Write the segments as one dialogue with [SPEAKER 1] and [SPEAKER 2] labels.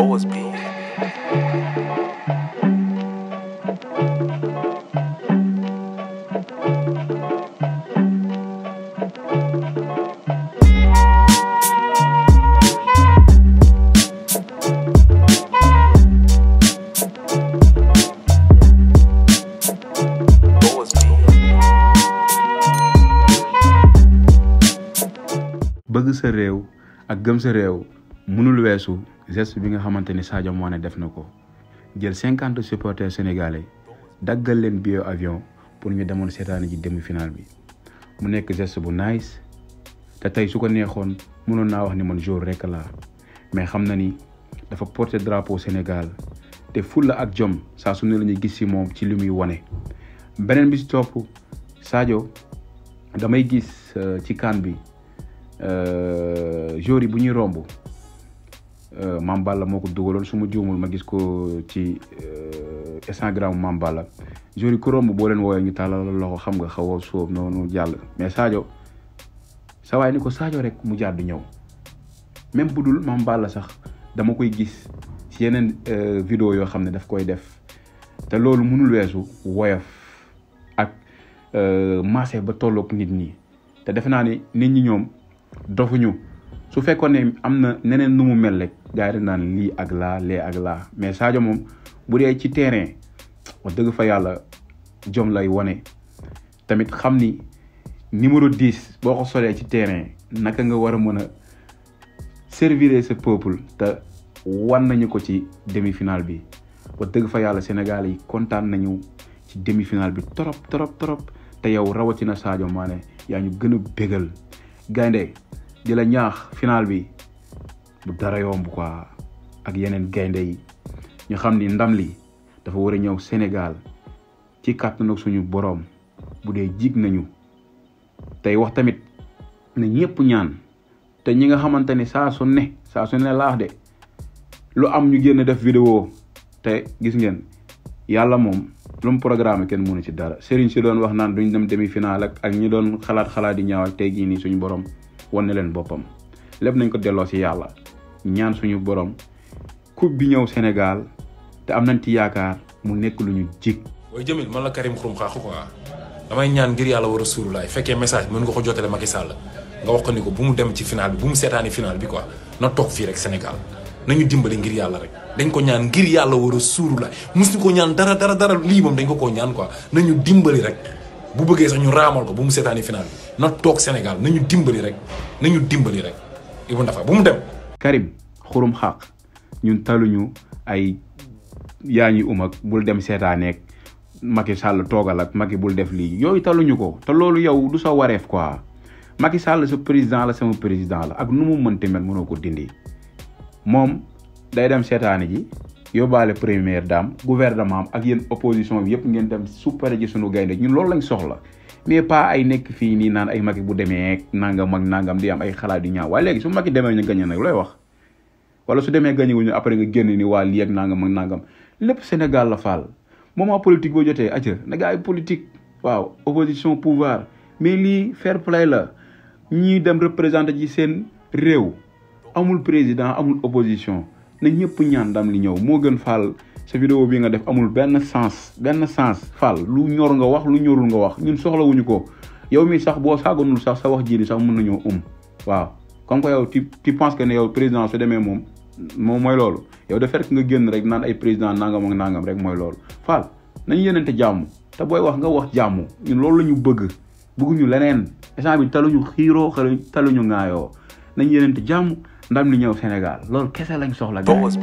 [SPEAKER 1] boas, bi. bëgg sa réew ak gëm sa réew mënul geste bi nga xamante ni Sadio Mané def na ko jël cinquante supporters sénégalais daggal leen bio avion pour ñu demoon seetaani ji demi-finale bi mu nekk geste bu nice te tey su ko neexoon mënoon naa wax ni man jour rek laa mais xam na ni dafa porter drapo Sénégal te fulla ak jom saa su ne la gis si moom ci li muy wane. beneen bi si topp damay gis euh, ci kan bi euh, jour yi bu ñuy romb. Euh, Mame Balla moo ko dugaloon su ma juumul ma gis ko ci euh, Instagram Mame Balla jour yi ku romb boo leen woowee ñu tàllal loxo xam nga xaw a sóob noonu jàll mais Sadio sa waay ni ko Sadio rek mu jàdd ñëw même bu dul Mame sax dama koy gis si yeneen euh, vidéo yoo xam ne daf koy def te loolu mënul weesu woyof ak maase ba tollook nit ñi te defe naa ni nit ñi ñoom dofuñu su fekkoon ne am na neneen nu mu mel rek gars yi naan lii ak laa lee ak laa mais Sadio moom bu dee ci terrain wax dëgg fa yàlla jom lay wane tamit xam ni numéro 10 boo ko solee ci terrain naka nga war a mën a servir ce te wan nañu ko ci demi finale bi wax dëgg fa yàlla Sénégal yi kontaan nañu ci demi finale bi trop trop trop te yow rawatina Sadio Mané yaa ñu gën a bégal gaynde di la ñaax final bi bu dara yomb quoi ak yeneen gaynde yi ñu xam ni ndam li dafa war a ñëw Sénégal ci kàttanu suñu boroom bu dee jig nañu tey wax tamit ne ñëpp ñaan te ñi nga xamante ni saa su ne saa su ne laax de lu am ñu génn def vidéo te gis ngeen yàlla moom lu mu programme kenn mënu ci dara Serigne si doon wax naan duñ dem demi final ak ak ñi doon xalaat xalaat yi ñaaw ak tey jii nii suñu borom. wan na leen boppam lépp nañ ko delloo si yàlla ñaan suñu borom coupe bi ñëw Sénégal te am nañ ci yaakaar mu nekk lu ñu jig.
[SPEAKER 2] way Jamil man la Karim Xurum Xaax quoi damay ñaan ngir yàlla war a suuru laay fekkee message mën nga ko jotale Macky Sall nga wax ko ko bu mu dem ci final bi bu mu seetaani final bi quoi na toog fii rek Sénégal nañu dimbali ngir yàlla rek dañ ko ñaan ngir yàlla war a suuru laay ko ñaan dara dara dara lii moom dañ ko ko ñaan quoi nañu dimbali rek. bu bëggee sax ñu raamal ko bu mu seetaani final bi na toog Sénégal nañu dimbali rek
[SPEAKER 1] nañu dimbali rek Ibou Ndafa bu mu dem. Karim xurum xaq ñun taluñu ay yaa ñuy um ak bul dem seetaaneeg Macky Sall toogal ak Macky bul def lii yooyu taluñu ko te loolu yow du sa wareef quoi Macky Sall président la sama président la ak nu mu mënti mel mënoo ko dindi moom day dem seetaani ji. yóbbaale première dame gouvernement am ak yéen opposition bi yëpp ngeen dem supare ji sunu gaynde ñun loolu lañ soxla mais pas ay nekk fii nii naan ay Macky bu demee nangam ak nangam di am ay xalaat yu ñaaw waa léegi su Macky demee ñu gañe nag looy wax wala su demee gañe wuñu après nga génn ni waa lii ak nangam ak nangam lépp Sénégal la faal moment politique boo jotee acca na gaa yi politique waaw opposition pouvoir mais lii fair play la ñii dem représente ci seen réew amul président amul opposition na ñepp ñaan ndam li ñew mo gën faal sa vidéo bi nga def amul benn sens benn sens faal lu ñor nga wax lu ñorul nga wax ñun wuñu ko yow mi sax bo saagonul sax sa wax jiri sax mën nañoo um waaw comme ko yow tu tu penses que ne yow président su démé mom mo moy lool yow da fék nga gën rek naan ay président nangam ak nangam rek moy lool faal nañ yënënte jamm ta boy wax nga wax jamm ñun lool lañu bëgg bëgguñu leneen instant bi taluñu xiiroo taluñu ngaayo nañ yënënte jamm ndam li ñëw Sénégal loolu kese lañ soxla gars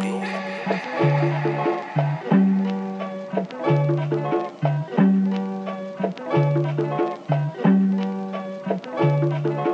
[SPEAKER 1] yi